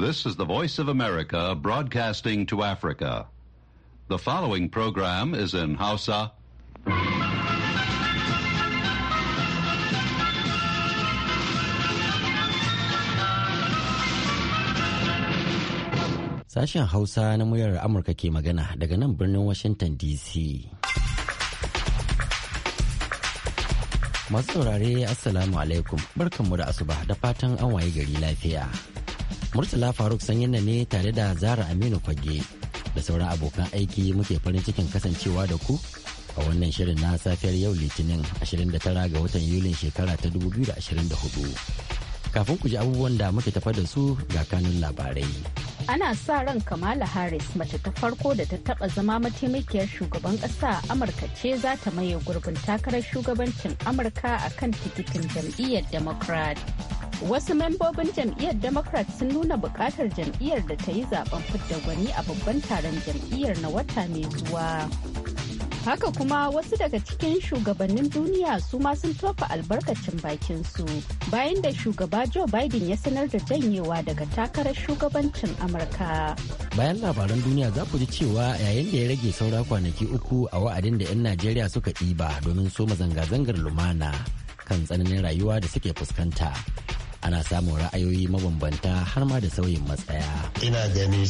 This is the Voice of America broadcasting to Africa. The following program is in Hausa. Sashen Hausa na muryar Amurka ke magana daga nan birnin Washington DC. Masu saurare Assalamu alaikum barkanmu da asuba da fatan an waye gari lafiya. Murtala Faruk sanyin ne tare da Zara Aminu Fage da sauran abokan aiki muke farin cikin kasancewa da ku a wannan shirin na safiyar yau Litinin 29 ga watan Yulin shekara ta 2024. Kafin ku ji abubuwan da muke tafa da su ga kanun labarai. Ana sa ran Kamala Harris mace ta farko da ta taba zama mataimakiyar shugaban kasa a Amurka ce za ta maye gurbin takarar shugabancin Amurka a kan tikitin jam'iyyar Democrat. Wasu membobin jam'iyyar Democrat sun nuna bukatar jam'iyyar da ta yi zaben fidda gwani a babban taron jam'iyyar na wata mai zuwa. Haka kuma wasu daga cikin shugabannin duniya su ma sun tofa albarkacin bakin su bayan da shugaba Joe Biden ya sanar da janyewa daga takarar shugabancin Amurka. Bayan labaran duniya za ku ji cewa yayin da ya rage saura kwanaki uku a wa'adin da 'yan Najeriya suka ɗiba domin soma zanga-zangar lumana kan tsananin rayuwa da suke fuskanta. ana samun ra'ayoyi mabambanta har ma da sauyin matsaya. Ina gani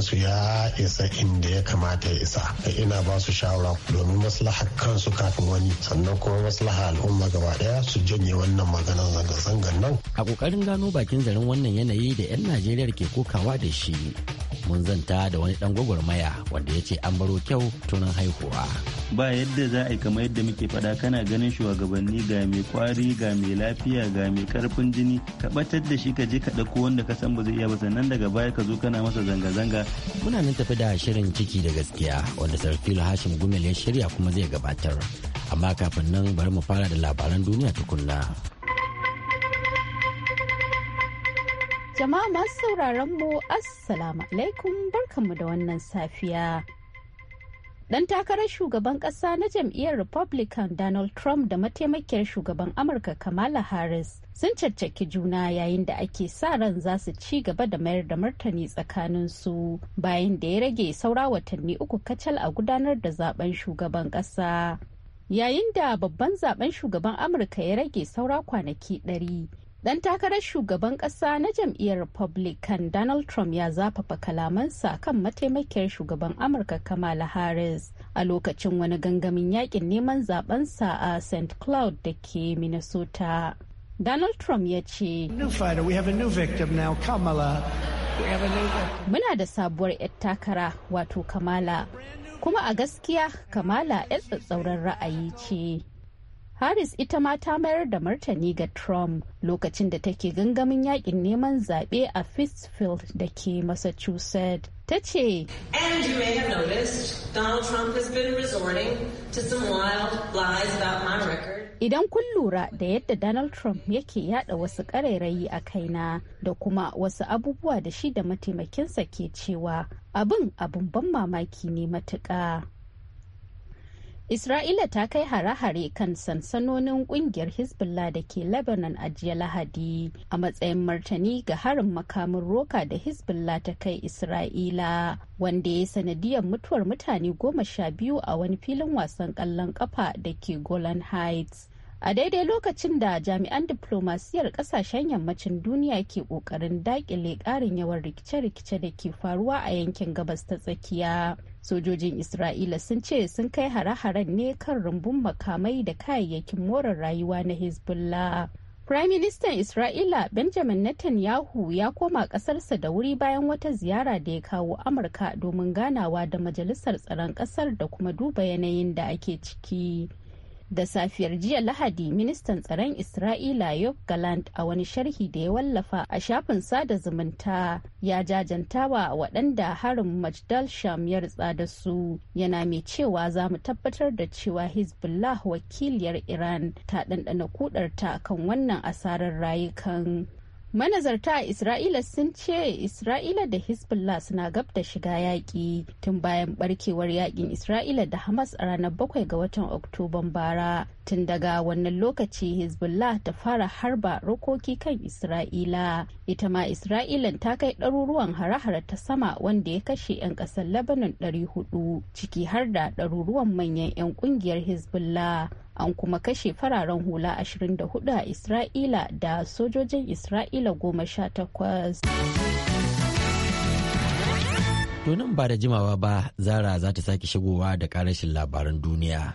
su ya isa inda ya kamata ya isa. Ina ba su shawara domin maslahar kansu kafin wani sannan kuma maslaha al'umma gaba daya su janye wannan maganar zanga-zangar nan. A kokarin gano bakin zaren wannan yanayi da 'yan Najeriya ke kokawa da shi. Mun zanta da wani ɗan gwagwarmaya wanda ya ce an baro kyau tunan haihuwa. Ba yadda za a yi kamar yadda muke faɗa kana ganin shugabanni ga mai kwari ga mai lafiya ga mai karfin jini ka batar da shi ka je ka ɗauko wanda ka san ba zai iya ba sannan daga baya ka zo kana masa zanga-zanga. Muna nan tafi da shirin ciki da gaskiya wanda sarfilu Hashim Gumel ya shirya kuma zai gabatar. Amma kafin nan bari mu fara da labaran duniya tukunna. Jama'a masu sauraron mu Assalamu alaikum barkanmu da wannan safiya. Dan takarar shugaban ƙasa na jam'iyyar Republican Donald Trump da mataimakiyar shugaban Amurka Kamala Harris sun caccaki juna yayin da ake sa ran za su ci gaba da mayar da martani tsakanin su bayan da ya rage saura watanni uku kacal a gudanar da zaben shugaban ƙasa, yayin da babban zaben shugaban amurka ya rage saura kwanaki ɗari Ɗan takarar shugaban ƙasa na jam'iyyar republican donald trump ya zafafa kalamansa kan mataimakiyar shugaban amurka kamala harris a lokacin wani gangamin yakin neman zabensa a st cloud da ke minnesota Donald Trump ya ce, Muna da sabuwar 'yar takara wato Kamala, kuma a gaskiya Kamala 'yar tsatsauran ra'ayi ce. Harris ita ma ta mayar da martani ga Trump lokacin da take gangamin yakin neman zaɓe a Fitzfield da ke Massachusetts. Ta ce, And you may have Donald Trump has been resorting to some wild lies about my idan kun lura da yadda donald trump yake yada wasu ƙarairayi a kaina da kuma wasu abubuwa da shi da mataimakinsa ke cewa abin abin ban mamaki ne matuƙa. Isra'ila ta kai hare-hare kan sansanonin kungiyar Hezbollah da ke Lebanon a jiya Lahadi a matsayin martani ga harin makamin roka da Hezbollah ta kai Isra'ila wanda ya sanadiyar mutuwar mutane goma sha biyu a wani filin wasan kallon kafa da ke Golan Heights. a daidai lokacin da jami'an diplomasiyar kasashen yammacin duniya ke kokarin dakile karin yawan rikice-rikice da ke faruwa a yankin gabas ta tsakiya sojojin isra'ila sun ce sun kai hare-haren ne kan rumbun makamai da kayayyakin more rayuwa na hezbollah Firaministan Isra'ila Benjamin Netanyahu ya koma ƙasarsa da wuri bayan wata ziyara da ya kawo Amurka domin ganawa da Majalisar Tsaron Ƙasar da kuma duba yanayin da ake ciki. da safiyar jiya lahadi ministan tsaron isra'ila yob galant a wani sharhi da ya wallafa a shafin sada zumunta ya jajantawa waɗanda harin majdal sham ya ritsa da su yana mai cewa za mu tabbatar da cewa hezbollah wakiliyar iran ta ɗanɗana kudarta kan wannan asarar rayukan manazarta a isra'ila sun ce isra'ila da hezbollah suna gab da shiga yaƙi tun bayan barkewar yaƙin isra'ila da hamas a ranar 7 ga watan oktoban bara tun daga wannan lokaci hezbollah ta fara harba rokoki kan isra'ila ita ma isra'ilan ta kai ɗaruruwan hare-hare ta sama wanda ya kashe 'yan ƙasar lebanon 400 ciki har da ɗaruruwan manyan 'yan ƙungiyar hezbollah an kuma kashe fararen hula 24 a isra'ila da sojojin isra'ila 18 nan ba da jimawa ba zara za ta sake shigowa da karashin labaran duniya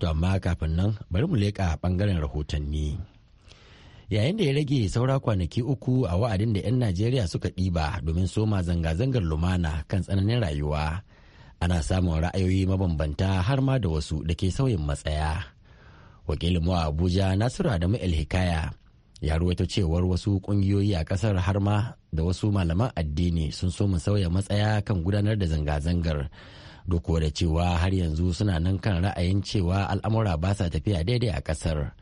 to amma kafin nan bari mu leƙa ɓangaren rahotanni yayin da ya rage saura kwanaki uku a wa'adin da 'yan najeriya suka ɗiba domin soma zanga-zangar lumana kan tsananin rayuwa ana samun ra'ayoyi mabambanta har ma da wasu da ke sauyin matsaya wakilin mu a abuja nasiru adamu el-hikaya ya ruwaito cewar wasu kungiyoyi a kasar har ma da wasu malaman addini sun so mu sauya matsaya kan gudanar da zanga-zangar duk da cewa har yanzu suna nan kan ra'ayin cewa al'amura ba sa tafiya daidai a kasar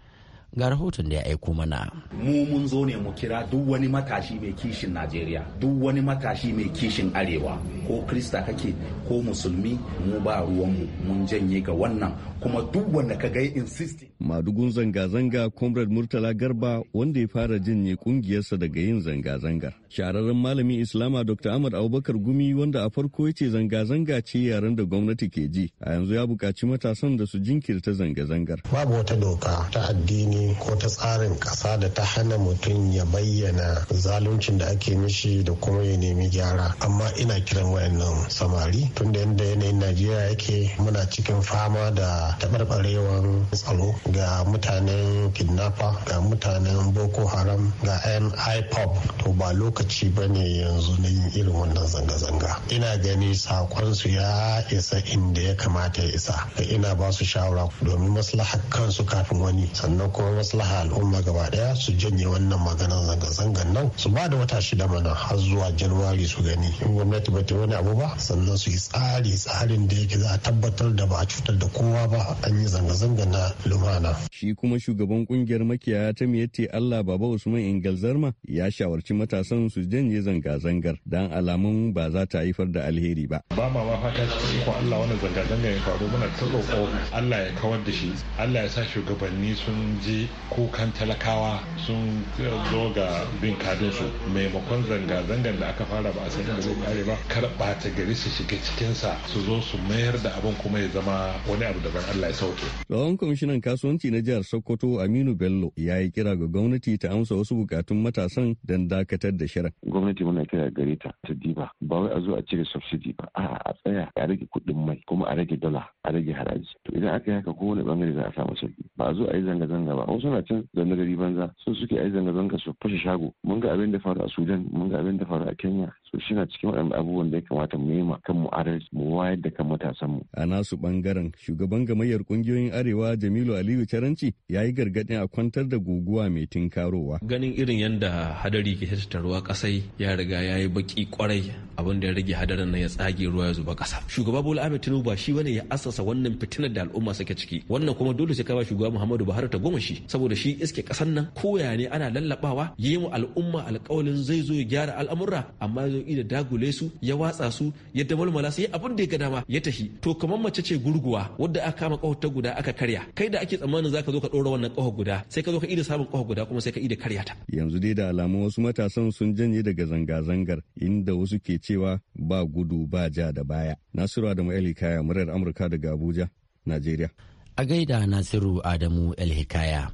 ga rahoton da ya aiko mana. Mu mun zo ne mu kira duk wani matashi mai kishin Najeriya, duk wani matashi mai kishin Arewa, ko Krista kake ko Musulmi mu ba ruwanmu mun janye ga wannan kuma duk wanda ka ga insisting. Madugun zanga-zanga Comrade Murtala Garba wanda ya fara janye kungiyarsa daga yin zanga-zangar. shahararren malamin islama dr ahmad abubakar gumi wanda a farko ya ce zanga-zanga ce yaren da gwamnati ke ji a yanzu ya buƙaci matasan da su jinkirta zanga-zangar babu wata doka ta addini ko ta tsarin ƙasa da ta hana mutum ya bayyana zaluncin da ake mishi da kuma ya nemi gyara amma ina kiran wayannan samari tunda yadda yanayin najeriya yake muna cikin fama da taɓarɓarewar tsaro ga mutanen kidnapper ga mutanen boko haram ga yan ipop to ba lokacin lokaci ba ne yanzu na yin irin wannan zanga-zanga ina gani sakonsu ya isa inda ya kamata ya isa da ina ba su shawara domin maslaha kansu kafin wani sannan kuma maslaha al'umma gaba daya su janye wannan maganar zanga-zangan nan su ba da wata shida mana har zuwa januwari su gani in gwamnati ba ta wani abu ba sannan su yi tsari tsarin da yake za a tabbatar da ba a cutar da kowa ba an yi zanga-zanga na lumana shi kuma shugaban kungiyar makiyaya ta miyatti Allah Baba Usman Ingal Zarma ya shawarci matasan su janye zanga-zangar dan alamun ba za ta haifar da alheri ba. Ba ma ma fata ko Allah wannan zanga-zanga ya faru muna ta roƙo Allah ya kawar da shi. Allah ya sa shugabanni sun je kukan talakawa sun zo ga bin kadin su maimakon zanga-zangar da aka fara ba a san da zai kare ba kar ɓata gari su shiga cikinsa su zo su mayar da abin kuma ya zama wani abu daban Allah ya sauke. Tsohon kwamishinan kasuwanci na jihar Sokoto Aminu Bello ya yi kira ga gwamnati ta amsa wasu bukatun matasan don dakatar da shi. shirin gwamnati muna kira gare ta ta diba ba wai a zo a cire subsidy ba a'a a tsaya a rage kuɗin mai kuma a rage dala a rage haraji to idan aka yi haka kowane bangare za a samu sauki ba a zo a yi zanga-zanga ba wasu na can zanga gari banza sun suke a yi zanga-zanga su fashe shago mun ga abin da faru a sudan mun ga abin da faru a kenya su shina cikin waɗannan abubuwan da ya kamata mu yi ma kanmu adalci mu wayar da kan matasan mu a nasu bangaren shugaban gamayyar kungiyoyin arewa Jamilu Aliyu Caranci ya yi gargadi a kwantar da guguwa mai tinkarowa ganin irin yadda hadari ke tattaruwa kasai ya riga ya yi baki kwarai abin da ya rage hadarin nan ya tsage ruwa ya zuba kasa shugaba Bola Ahmed Tinubu ba shi bane ya asasa wannan fitinar da al'umma suke ciki wannan kuma dole sai ka shugaba Muhammadu Buhari ta goma shi saboda shi iske kasan nan koya ne ana lallabawa yi mu al'umma alƙawalin zai zo ya gyara al'amura amma ayoyi da dagule su ya watsa su ya damalmala su ya abin da ya ga dama ya tafi to kamar mace ce gurguwa wadda aka kama kawar ta guda aka karya kai da ake tsammanin zaka zo ka dora wannan kahon guda sai ka zo ka ida samun kahon guda kuma sai ka ida karya ta yanzu dai da alamu wasu matasan sun janye daga zanga-zangar inda wasu ke cewa ba gudu ba ja da baya nasiru adamu eli kaya murar amurka daga abuja najeriya a gaida nasiru adamu el hikaya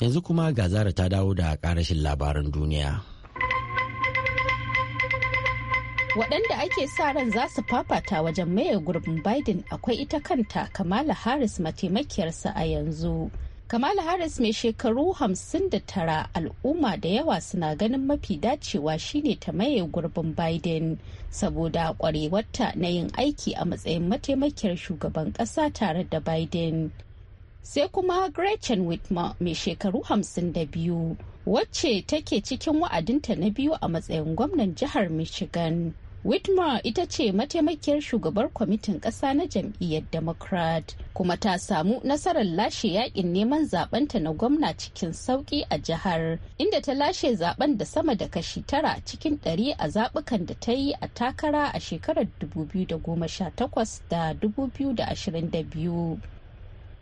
yanzu kuma ga zara ta dawo da karashin labaran duniya waɗanda ake sa ran za su fafata wajen maye gurbin biden akwai ita kanta kamala harris mataimakiyarsa a yanzu kamala harris mai shekaru 59 al'umma da yawa suna ganin mafi dacewa shine ta maye gurbin biden saboda kwarewarta na yin aiki a matsayin mataimakiyar shugaban ƙasa tare da biden sai kuma gretchen whitmer mai shekaru 52 wacce take cikin wa'adinta na biyu a matsayin gwamnan jihar michigan Whitmer ita ce mataimakiyar shugabar kwamitin ƙasa na jam'iyyar Democrat kuma ta samu nasarar lashe yakin neman zaɓenta na gwamna cikin sauƙi a jihar inda ta lashe zaɓen da sama da kashi tara cikin ɗari a zaɓukan da ta yi a takara a shekarar 2018 da 2022.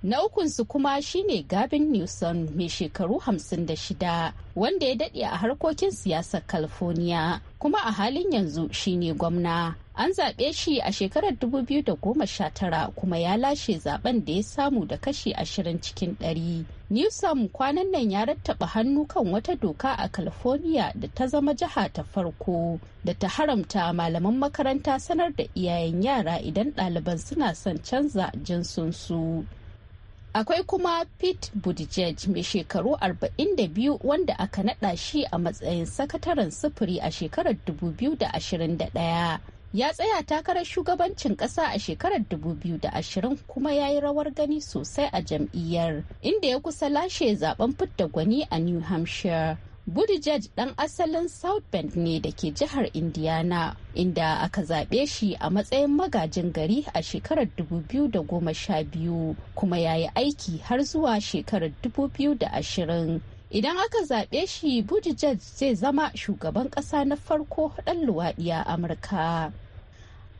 Na ukunsu kuma shine Gavin Newsom mai shekaru 56 wanda ya daɗe a harkokin siyasar California kuma a halin yanzu shine gwamna. An zaɓe shi a shekarar 2019 kuma ya lashe zaben da ya samu da kashi 20 cikin 100. Newsom kwanan nan ya rattaba hannu kan wata doka a California da ta zama jiha ta farko da ta haramta malaman makaranta sanar da iyayen yara idan ɗaliban suna son canza jinsinsu. akwai kuma pete buttigieg mai shekaru 42 wanda aka nada shi a matsayin sakataren sufuri a shekarar 2021 ya tsaya takarar shugabancin ƙasa a shekarar 2020 kuma ya yi rawar gani sosai a jam'iyyar inda ya kusa lashe zaben fidda gwani a new hampshire buttigieg dan asalin south bend ne da ke jihar indiana inda aka zaɓe shi a matsayin magajin gari a shekarar 2012 kuma ya yi aiki har zuwa shekarar 2020 idan aka zaɓe shi buttigieg zai zama shugaban ƙasa na farko ɗan luwaɗi a amurka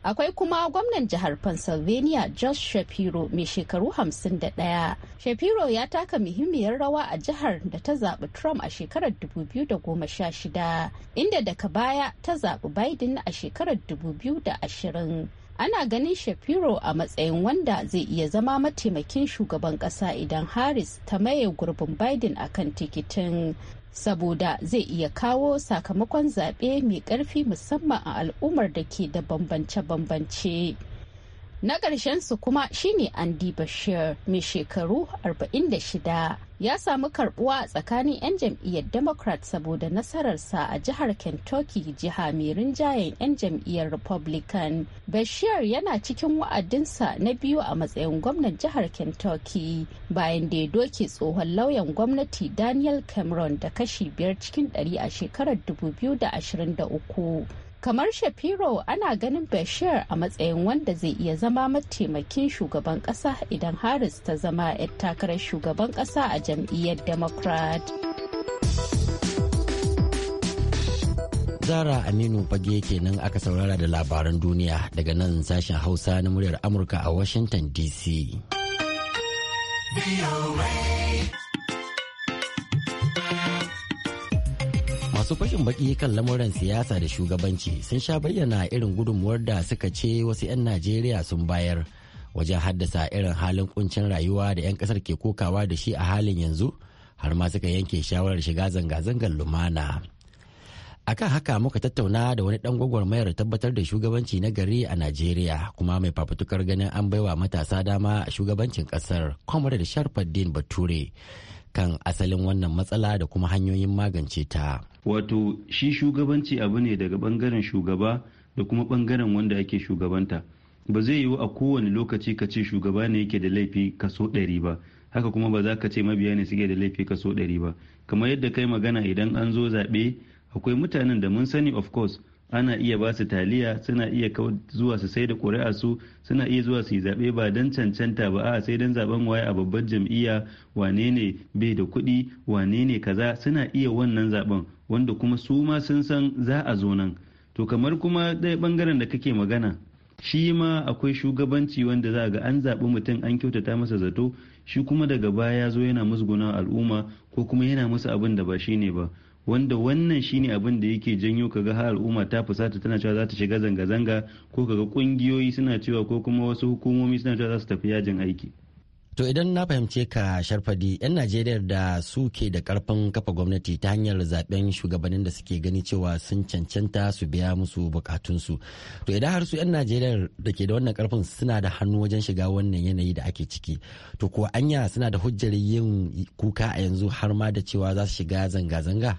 akwai kuma gwamnan jihar pennsylvania josh shapiro mai shekaru 51 shapiro ya taka muhimmiyar rawa a jihar da ta zaɓi trump a shekarar 2016 inda daga baya ta zaɓi biden a shekarar 2020 ana ganin shapiro a matsayin wanda zai iya zama mataimakin shugaban ƙasa idan harris ta maye gurbin biden a kan tikitin saboda zai iya kawo sakamakon zaɓe mai ƙarfi musamman a al'ummar da ke da bambance-bambance. Na ƙarshen su kuma shine Andy Bashir mai shekaru 46 ya samu karbuwa tsakanin 'yan jam'iyyar Democrat saboda nasararsa a jihar Kentucky jiha mai rinjayen 'yan jam'iyyar Republican. Bashir yana cikin wa'adinsa na biyu a matsayin gwamnan jihar Kentucky bayan da ya doke tsohon lauyan gwamnati Daniel Cameron da kashi biyar cikin ɗari a shekarar 2023. kamar shapiro ana ganin bashir a matsayin wanda zai iya zama mataimakin shugaban kasa idan harris ta zama 'yar takarar shugaban kasa a jam'iyyar democrat zara aminu fage kenan aka saurara da labaran duniya daga nan sashen hausa na muryar amurka a washington dc masu fashin baki kan lamuran siyasa da shugabanci sun sha bayyana irin gudunmuwar da suka ce wasu 'yan najeriya sun bayar wajen haddasa irin halin kuncin rayuwa da 'yan kasar ke kokawa da shi a halin yanzu har ma suka yanke shawarar shiga zanga-zangar lumana akan haka muka tattauna da wani dan gwagwarmayar tabbatar da shugabanci na gari a najeriya kuma mai fafutukar ganin an baiwa matasa dama a shugabancin kasar comrade sharfaddin bature kan asalin wannan matsala da kuma hanyoyin magance ta. Wato shi shugabanci abu ne daga bangaren shugaba da kuma bangaren wanda ake shugabanta. Ba zai yiwu a kowane lokaci ka ce shugaba ne yake da laifi kaso ɗari ba. Haka kuma ba za ka ce mabiya ne suke da laifi kaso ɗari ba. Kamar yadda kai magana idan an zo zaɓe akwai mutanen da mun sani of course ana iya ba su taliya suna iya zuwa su sai da ƙuri'a su suna iya zuwa su yi zaɓe ba don cancanta ba a sai don zaɓen waye a babbar jam'iyya wane ne bai da kuɗi wane ne kaza suna iya wannan zaɓen wanda kuma su ma sun san za a zo nan to kamar kuma ɗaya ɓangaren da kake magana shi ma akwai shugabanci wanda za ga an zaɓi mutum an kyautata masa zato shi kuma daga baya ya zo yana musguna al'umma ko kuma yana musu abin da ba shi ne ba wanda wannan shine abin da yake janyo kaga har al'umma ta fusata tana cewa za ta shiga zanga-zanga ko kaga kungiyoyi suna cewa ko kuma wasu hukumomi suna cewa za su tafi yajin aiki to idan na fahimce ka sharfadi yan najeriya da suke da karfin kafa gwamnati ta hanyar zaben shugabannin da suke gani cewa sun cancanta su biya musu bukatunsu to idan har su yan najeriya da ke da wannan karfin suna da hannu wajen shiga wannan yanayi da ake ciki to ko anya suna da hujjar yin kuka a yanzu har ma da cewa za su shiga zanga-zanga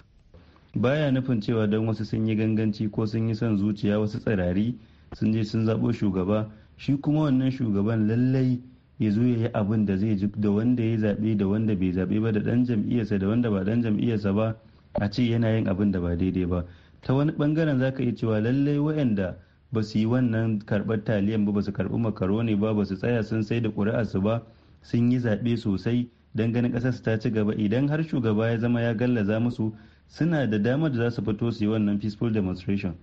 baya nufin cewa don wasu sun yi ganganci ko sun yi son zuciya wasu tsirari sun je sun zaɓo shugaba shi kuma wannan shugaban lallai ya zo ya yi abin da zai ji da wanda ya zaɓe da wanda bai zaɓe ba da ɗan jam'iyyarsa da wanda ba ɗan jam'iyyarsa ba a ce yana yin abin da ba daidai ba ta wani bangaren za ka iya cewa lallai waɗanda ba su yi wannan karɓar taliyan ba ba su karɓi makaroni ba ba su tsaya sun sai da ƙuri'arsu ba sun yi zaɓe sosai don ganin ƙasar su ta ci gaba idan har shugaba ya zama ya gallaza musu suna da damar da za su fito su yi wannan peaceful demonstration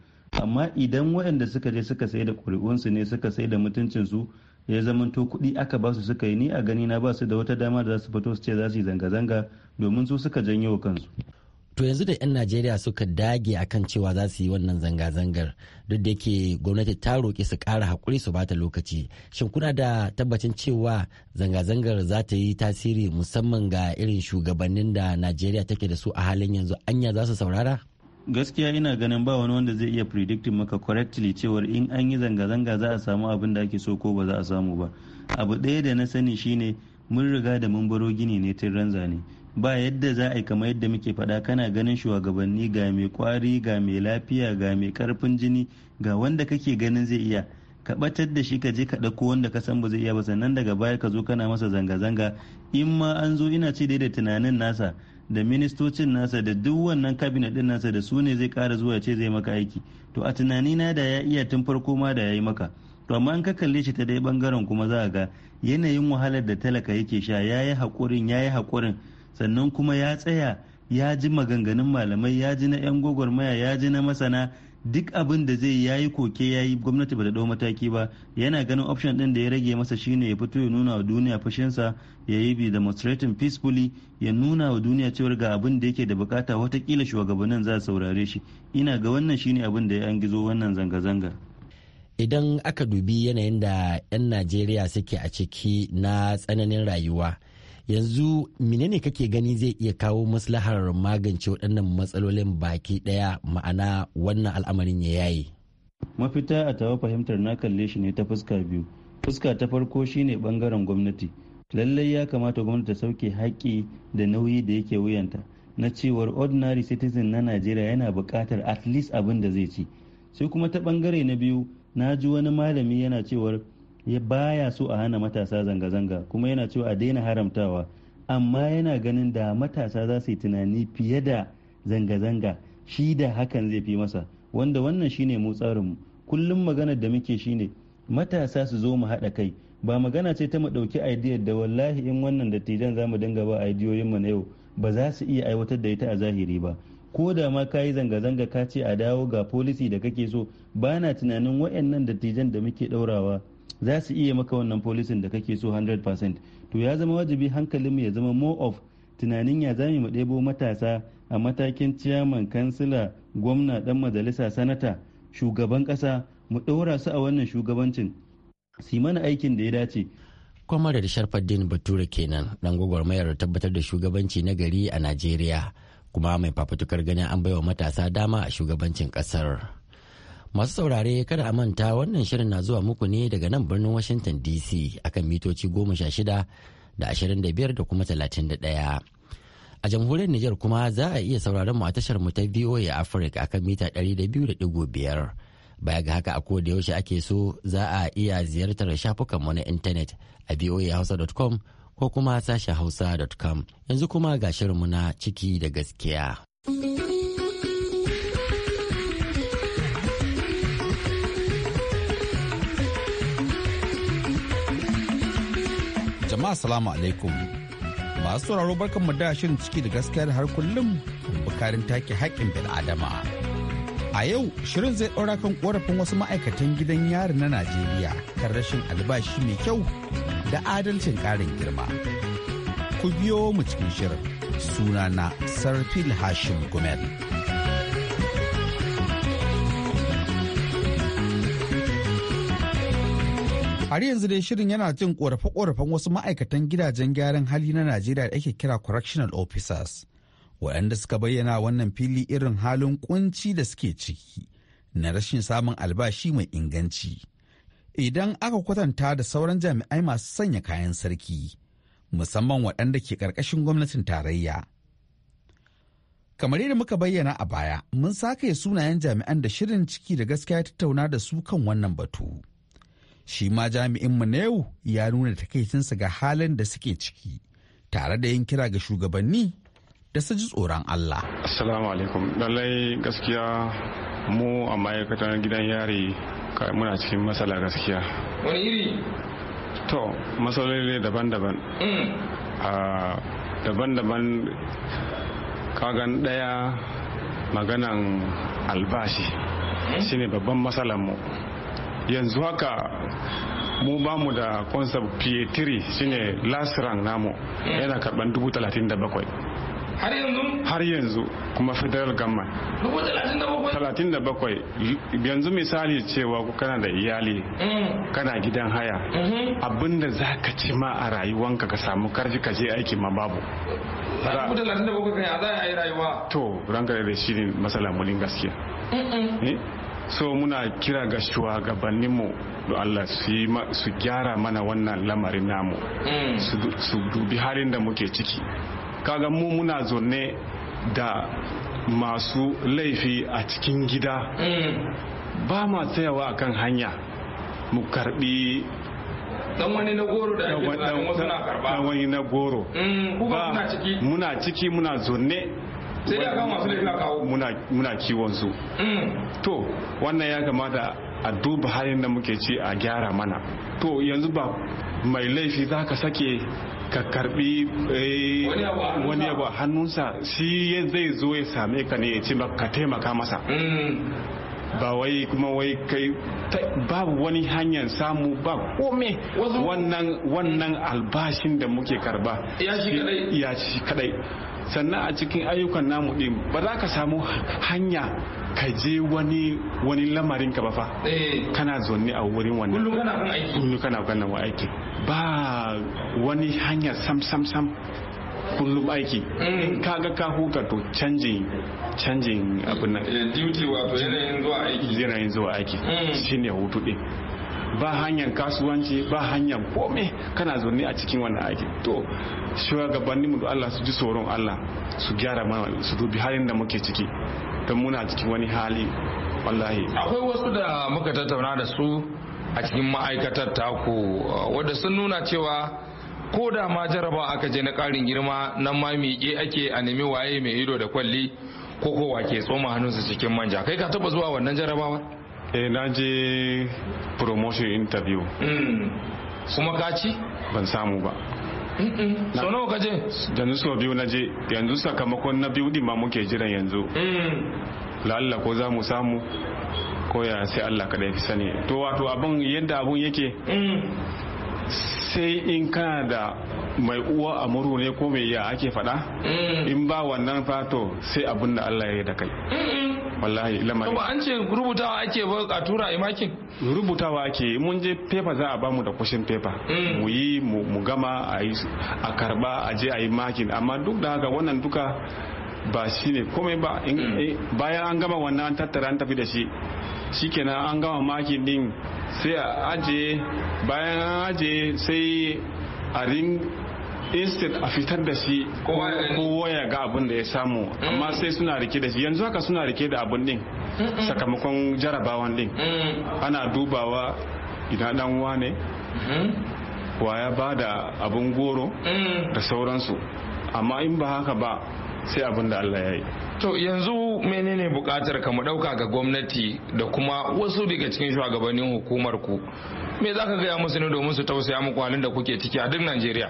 amma idan waɗanda suka je suka sai da ƙuri'unsu ne suka sai da mutuncinsu ya zamanto kuɗi aka ba su suka yi ni a gani na ba su da wata dama da za su fito su ce za su yi zanga-zanga domin su suka janyo kansu to yanzu da 'yan najeriya suka dage akan cewa za su yi wannan zanga-zangar duk da yake gwamnati ta roƙi su ƙara haƙuri su bata lokaci shin kuna da tabbacin cewa zanga-zangar za ta yi tasiri musamman ga irin shugabannin da najeriya take da su a halin yanzu anya za su saurara gaskiya ina ganin ba wani wanda zai iya predicting maka correctly cewar in an yi zanga-zanga za a samu abin da ake so ko ba za a samu ba abu ɗaya da na sani shine mun riga da mun baro gini ne tun ranza ne ba yadda za a yi kamar yadda muke faɗa kana ganin shugabanni ga mai kwari ga mai lafiya ga mai karfin jini ga wanda kake ganin zai iya ka ɓatar da shi ka je ka ɗauko wanda ka san ba zai iya ba sannan daga baya ka zo kana masa zanga-zanga in ma an zo ina ci da tunanin nasa da ministocin nasa da duk wannan kabinet din nasa da su ne zai kara zuwa ce zai maka aiki to a tunanina da ya iya tun farko ma da ya yi maka to amma an ka kalle shi ta dai bangaren kuma za a ga yanayin wahalar da talaka yake sha ya yi haƙurin ya yi haƙurin sannan kuma ya tsaya ya ji maganganun malamai ya ji na 'yan gwagwarmaya ya ji na masana duk abin da zai yayi koke yayi gwamnati ba da dau mataki ba yana ganin option din da ya rage masa shine ya fito ya nuna wa duniya fashinsa ya yi bi demonstrating peacefully ya nuna wa duniya cewar ga abin da yake da bukata watakila shugabannin za su saurare shi ina ga wannan shine abin da ya an gizo wannan zanga-zanga idan aka dubi yanayin da 'yan najeriya suke a ciki na tsananin rayuwa yanzu menene kake gani zai iya kawo maslahar magance waɗannan matsalolin baki ɗaya ma'ana wannan al'amarin ya yayi mafita a tawa fahimtar na kalle shi ne ta fuska biyu fuska ta farko shine bangaren gwamnati lallai ya kamata gwamnati ta sauke haƙƙi da nauyi da yake wuyanta na cewar ordinary citizen na najeriya yana buƙatar at least abin da zai ci sai kuma ta bangare na biyu na ji wani malami yana cewar ya baya so a hana matasa zanga-zanga kuma yana cewa a daina haramtawa amma yana ganin da matasa za su yi tunani fiye da zanga-zanga shi da hakan zai fi masa wanda wannan shine mu tsarinmu kullum maganar da muke shine matasa su zo mu haɗa kai ba magana ce ta mu ɗauki aidiyar da wallahi in wannan dattijan za mu dinga ba aidiyoyinmu na yau ba za su iya aiwatar da ita a zahiri ba ko da ma ka yi zanga-zanga ka ce a dawo ga policy da kake so ba na tunanin waɗannan dattijan da muke ɗaurawa za su iya maka wannan policing da kake so 100% to ya zama wajibi hankalinmu ya zama more of tunanin ya zami mu ɗebo matasa a matakin ciyaman kansila gwamna dan majalisa sanata shugaban ƙasa mu ɗora su a wannan shugabancin su mana aikin da ya dace kwamarar sharfaddin bature kenan dan gwagwarmayar tabbatar da shugabanci na gari a najeriya kuma mai fafutukar ganin an baiwa matasa dama a shugabancin ƙasar. Masu saurare kada a manta wannan shirin na zuwa muku ne daga nan birnin Washington DC akan mitoci goma sha shida da ashirin da biyar da kuma talatin da ɗaya. A jamhuriyar Nijar kuma za a iya sauraron mu a tashar mu ta VOA Afirka akan mita ɗari da biyu da ɗigo biyar. Baya ga haka a ko da yaushe ake so za a iya ziyartar shafukan mu na intanet a voahausa.com ko kuma sashen hausa.com yanzu kuma ga shirinmu na ciki da gaskiya. jama'a salamu alaikum masu sauraro barkan mu da shirin ciki da gaskiyar har kullum bukarin take haƙƙin adama a yau shirin zai ɗora kan ƙorafin wasu ma'aikatan gidan yari na najeriya kan rashin albashi mai kyau da adalcin ƙarin girma ku biyo mu cikin shirin sunana sarfil hashim gumel. Har yanzu dai shirin yana jin korafe-korafen wasu ma'aikatan gidajen gyaran hali na Najeriya da ake kira correctional officers, waɗanda suka bayyana wannan fili irin halin kunci da suke ciki na rashin samun albashi mai inganci. Idan aka kwatanta da sauran jami'ai masu sanya kayan sarki, musamman waɗanda ke ƙarƙashin gwamnatin tarayya. Kamar yadda muka bayyana a baya, mun sake sunayen jami'an da shirin ciki da gaskiya tattauna da su kan wannan batu. shi ma mu na yau ya nuna takaicinsa ga halin da suke ciki tare da yin kira ga shugabanni da su ji tsoron Allah. Assalamu alaikum. Lallai gaskiya mu a ma'aikatan gidan yari muna cikin matsala gaskiya. Wani iri? To, matsaloli daban-daban. Mm. Daban-daban kagan ɗaya maganan albashi mm. shine babban matsalar mu. Yanzu haka mu ba mu da concept pietri shine last rank namu yana karban dubu talatin da bakwai har yanzu har yanzu kuma federal government dubu talatin da bakwai talatin da bakwai yanzu misali cewa kana da iyali mm. kana gidan haya mm-hmm. abinda za ka ci ma a rayuwanka ka samu karfi ka je aiki ma babu dubu talatin da bakwai kan ya za a yi rayuwa to ranka da shi ne masala mulin gaskiya so muna kira ga shugabanninmu da Allah su gyara mana wannan lamarin namu mm. su dubi halin da muke ciki kaga mu muna zonne da masu laifi a cikin gida mm. ba ma tsayawa kan hanya mu karbi dan wani na goro da ake wasu na karba wani na goro mm, muna ciki muna zonne sai da kawo masu laifin kawo muna kiwon su mm. to wannan ya kamata a duba halin da muke ci a gyara mana to yanzu ba mai laifi za ka sake ka karbi eh, wani abu a hannunsa shi zai zo ya same ka ne ya ce ka taimaka masa mm. ba wai kuma wai kai babu wani hanyar samu ba kome wannan wannan albashin da muke karba ya shi kadai sannan a cikin ayyukan namu din ba za ka samu hanya ka je wani wani lamarin ka ba fa eh. kana zonni a wurin wani kullum kana aiki kullum kana wa aiki ba wani hanya sam sam sam kullum aiki in mm. kaga ka huta to canjin canjin abin nan eh, duty wato yanayin zuwa aiki yanayin zuwa aiki mm. shine hutu din ba hanyar kasuwanci ba hanyar kome kana zaune a cikin wannan aiki to shugabanninmu da Allah su ji tsoron Allah su gyara mana su dubi halin da muke ciki don muna cikin wani hali wallahi akwai wasu da muka tattauna da su a cikin ma'aikatar taku wadda sun nuna cewa ko da ma jaraba aka je na ƙarin girma nan ma miƙe ake a nemi waye mai ido da kwalli ko kowa ke tsoma hannunsa cikin manja kai ka taba zuwa wannan jarabawa eh na je promotion interview mm. kuma ka ci ban samu ba so nawa ka je yanzu so biyu na je yanzu sakamakon na biyu din ma muke jiran yanzu mm. la'alla ko za mu samu ko ya sai Allah kada ya fi sani to wato abin yadda abun yake mm. sai in kana da mai uwa a muru ne ko mai ya ake fada. Mm. in ba wannan fato sai abin da Allah ya yi da kai wallahi lamari. ba an ce rubutawa ake ba a tura imakin rubutawa ake mun je paper za a ba mu da kushin paper mm. mu yi mu gama a karba a je a yi makin amma duk da haka wannan duka ba shi ne komai ba mm. eh, bayan an gama wannan an tattara an tafi da shi kenan an gama makin din sai a ajiye bayan an ajiye sai a ring instant a fitar da shi kowa ya ga abin da ya samu mm. amma sai suna rike da shi yanzu haka suna rike da abin din sakamakon jarabawan din mm. ana dubawa ina dan wane mm-hmm. wa ya ba da abin goro da sauransu amma in ba haka ba sai abin da Allah ya yi to yanzu menene bukatar ka mu dauka ga gwamnati da kuma wasu daga cikin shugabannin hukumar ku me zaka gaya musu ne domin su tausaya muku halin da kuke ciki a duk Najeriya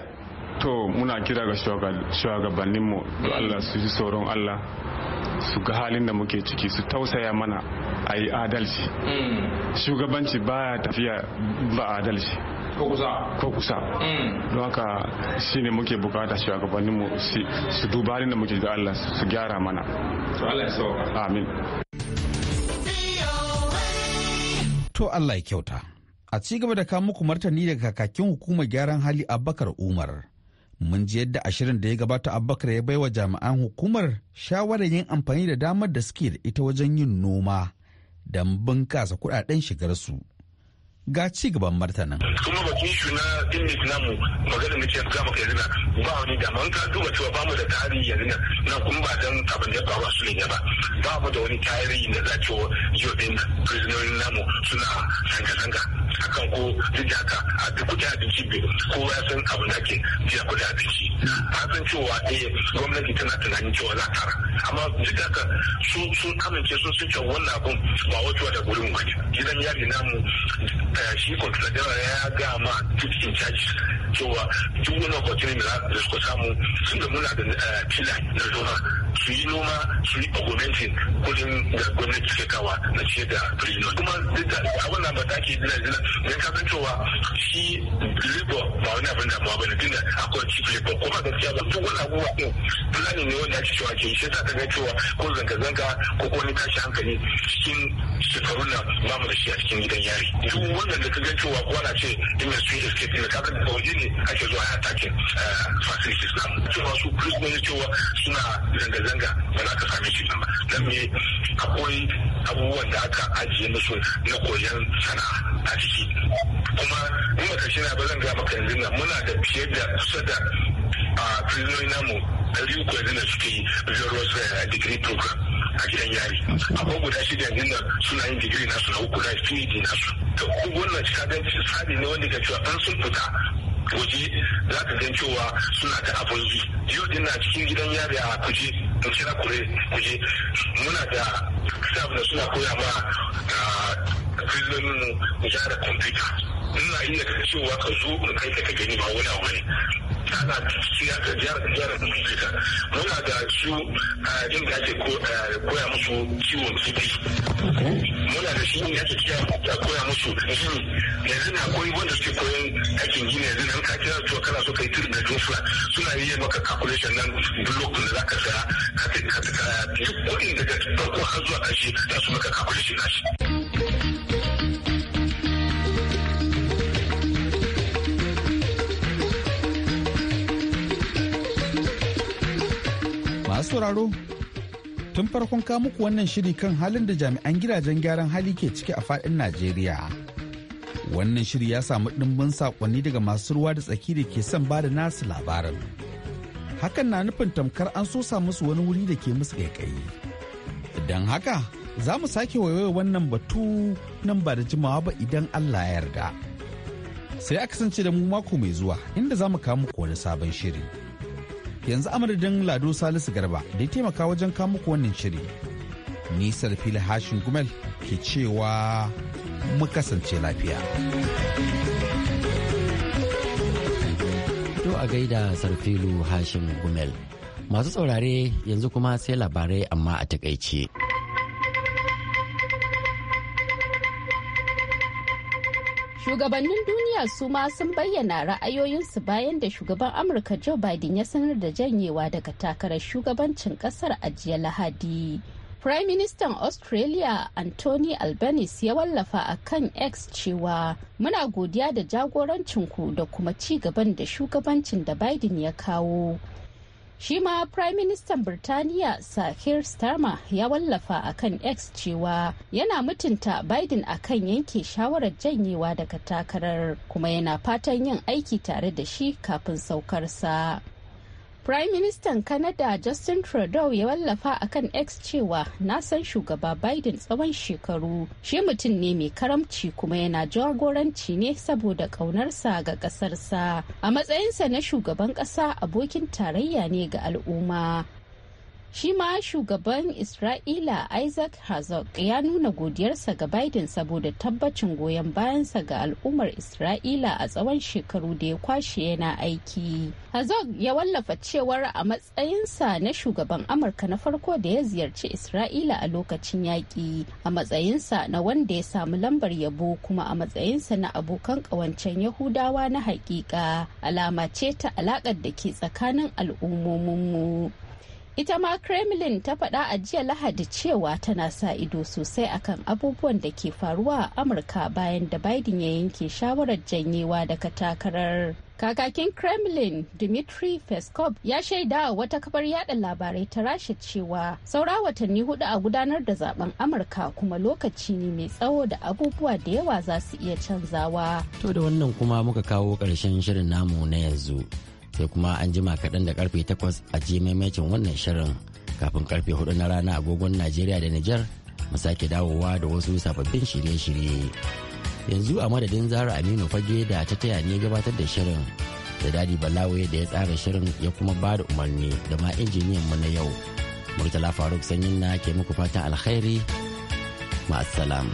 to muna kira ga shugabannin mu da Allah su ji tsoron Allah su ga halin da muke ciki su tausaya mana a yi adalci mm. shugabanci baya tafiya ba adalci ko kusa mm. don haka shine muke bukata shugabannin mu su duba da muke ga Allah su gyara mana to Allah ya sauka amin to Allah ya kyauta a ci gaba da kawo muku martani daga kakakin hukumar gyaran hali Abakar Umar mun ji yadda ashirin da ya gabata Abakar ya baiwa jami'an hukumar shawarar yin amfani da damar da suke da ita wajen yin noma don bunkasa kudaden shigarsu ga ci gaban martanin. kuma batun shi na dimnik namu magana ce ke gama kai zina ba wani dama ka duba cewa ba mu da tarihi yanzu nan na kuma ba dan abin da ba wa su ne ba ba mu da wani tarihi da za ce wa yau din prisoner namu suna zanga-zanga kan ko duk da haka a duk kuɗi abinci bai kowa ya san abu da ke biya kuɗi abinci ta san cewa eh gwamnati tana tunanin cewa za ta amma duk da haka sun amince sun sun cewa wannan abun ba wacewa da gurin bane gidan yari namu eh, shi controller general ya ga ma duk in caji cewa duk wani opportunity da za suka samu sun da muna da fila eh, na zona su yi noma su yi augmenting kudin da gwamnati ke kawa na ce da prisoner kuma duk da abin da mataki na ne ka san cewa shi labor ba wani abin damuwa ba ne tunda akwai chief labor kuma gaskiya ba duk wani abubuwa ɗin fulani ne wanda ake cewa ke shi yasa ka ga cewa ko zanga-zanga ko wani tashi hankali cikin shekarun nan ba mu da shi a cikin gidan yari duk wanda da ka ga cewa ko ana ce industry escape ne ka ga daga waje ne ake zuwa ya take eh, facilities na cewa su prisoners cewa suna zanga-zanga ba za ka same shi ba dan me akwai abubuwan da aka ajiye musu na koyon sana'a a cikin shi kuma in baka shirya ba zan ga maka yanzu nan muna da fiye da kusa da a prisoner namu ɗari uku yanzu da suke yi a eh, degree program a gidan yari akwai guda shida yanzu nan suna yin digiri nasu na uku na su. E nasu da wannan cika don tsari ne wanda ka cewa an sun fita waje za ka gan cewa suna da abun zu yau din na cikin gidan yari a kuje in kira kure kuje muna da sabu da suna koya ma filin mu gyara kwamfuta ina iya cewa ka zo in kai ka gani ba wani abu ne ana siya ka gyara kwamfuta muna da su da ake koya musu ciwon ciki muna da shi inda ake koya musu gini yanzu na koyi wanda suke koyan aikin gini yanzu na ka kira to kana so kai tur da jofla suna yi maka calculation nan block da zaka saya ka ka ka kuɗin daga farko har zuwa ka za ka maka ka nashi. masu sauraro tun farkon ka muku wannan shiri kan halin da jami'an gidajen gyaran hali ke ciki a faɗin najeriya wannan shiri ya samu ɗimbin saƙonni daga masu ruwa da tsaki da ke son bada nasu labarin hakan na nufin tamkar an so sa musu wani wuri da ke musu kai don haka za mu sake waiwaye wannan batu nan ba da jimawa ba idan allah ya yarda sai a kasance da mu mako mai zuwa inda za mu kawo muku wani sabon shiri. yanzu amadadin lado salisu garba da ya taimaka wajen muku wannan shiri nisar fili hashin gumel ke cewa mu kasance lafiya to a gaida sarfilu hashin gumel masu saurare yanzu kuma sai labarai amma a takaice. shugabannin duniya su ma sun bayyana ra'ayoyinsu bayan da shugaban amurka joe biden ya sanar da janyewa daga takarar shugabancin kasar a jiya lahadi prime minister australia anthony albanese ya wallafa a kan x cewa muna godiya da jagorancinku da kuma ci gaban da shugabancin da biden ya kawo Shi ma Prime Ministan Birtaniya Sakir Starmer ya wallafa akan X cewa yana mutunta Biden akan yanke shawarar janyewa daga takarar kuma yana fatan yin aiki tare da shi kafin saukarsa. Prime Minister Canada Justin Trudeau ya wallafa a kan X cewa na san shugaba Biden tsawon shekaru. Shi mutum ne mai karamci kuma yana jagoranci ne saboda ƙaunarsa ga ƙasarsa. A matsayinsa na shugaban ƙasa abokin tarayya ne ga al'umma. shi ma shugaban isra'ila isaac herzog ya nuna godiyarsa ga biden saboda tabbacin goyon bayansa ga al'ummar isra'ila a tsawon shekaru da ya kwashe yana aiki herzog ya wallafa cewar a matsayinsa na shugaban amurka na farko da ya ziyarci isra'ila a lokacin yaƙi a matsayinsa na wanda ya samu lambar yabo kuma a matsayinsa na abokan ƙawancen yahudawa na haƙiƙa alama ce ta alaƙar da ke tsakanin al'ummominmu ita ma kremlin ta faɗa a jiya lahadi cewa tana sa ido sosai akan abubuwan da ke faruwa a amurka bayan da biden ya yanke shawarar janyewa daga takarar kakakin kremlin dmitry peskov ya shaida wata kafar yada labarai ta rasha cewa saura watanni hudu a gudanar da zaben amurka kuma lokaci ne mai tsawo da abubuwa da yawa za su iya canzawa to da wannan kuma muka kawo ƙarshen shirin namu na yanzu sai kuma an jima kaɗan da karfe 8 a ji maimacin wannan shirin kafin karfe hudu na rana agogon najeriya da niger mu sake dawowa da wasu sababbin shirye-shirye yanzu a madadin zara aminu fage da ta taya ne gabatar da shirin da dadi Balawai da ya tsara shirin ya kuma ba da umarni da ma injiniyan mu na yau murtala faruk sanyin na ke muku fatan alkhairi ma'asalam.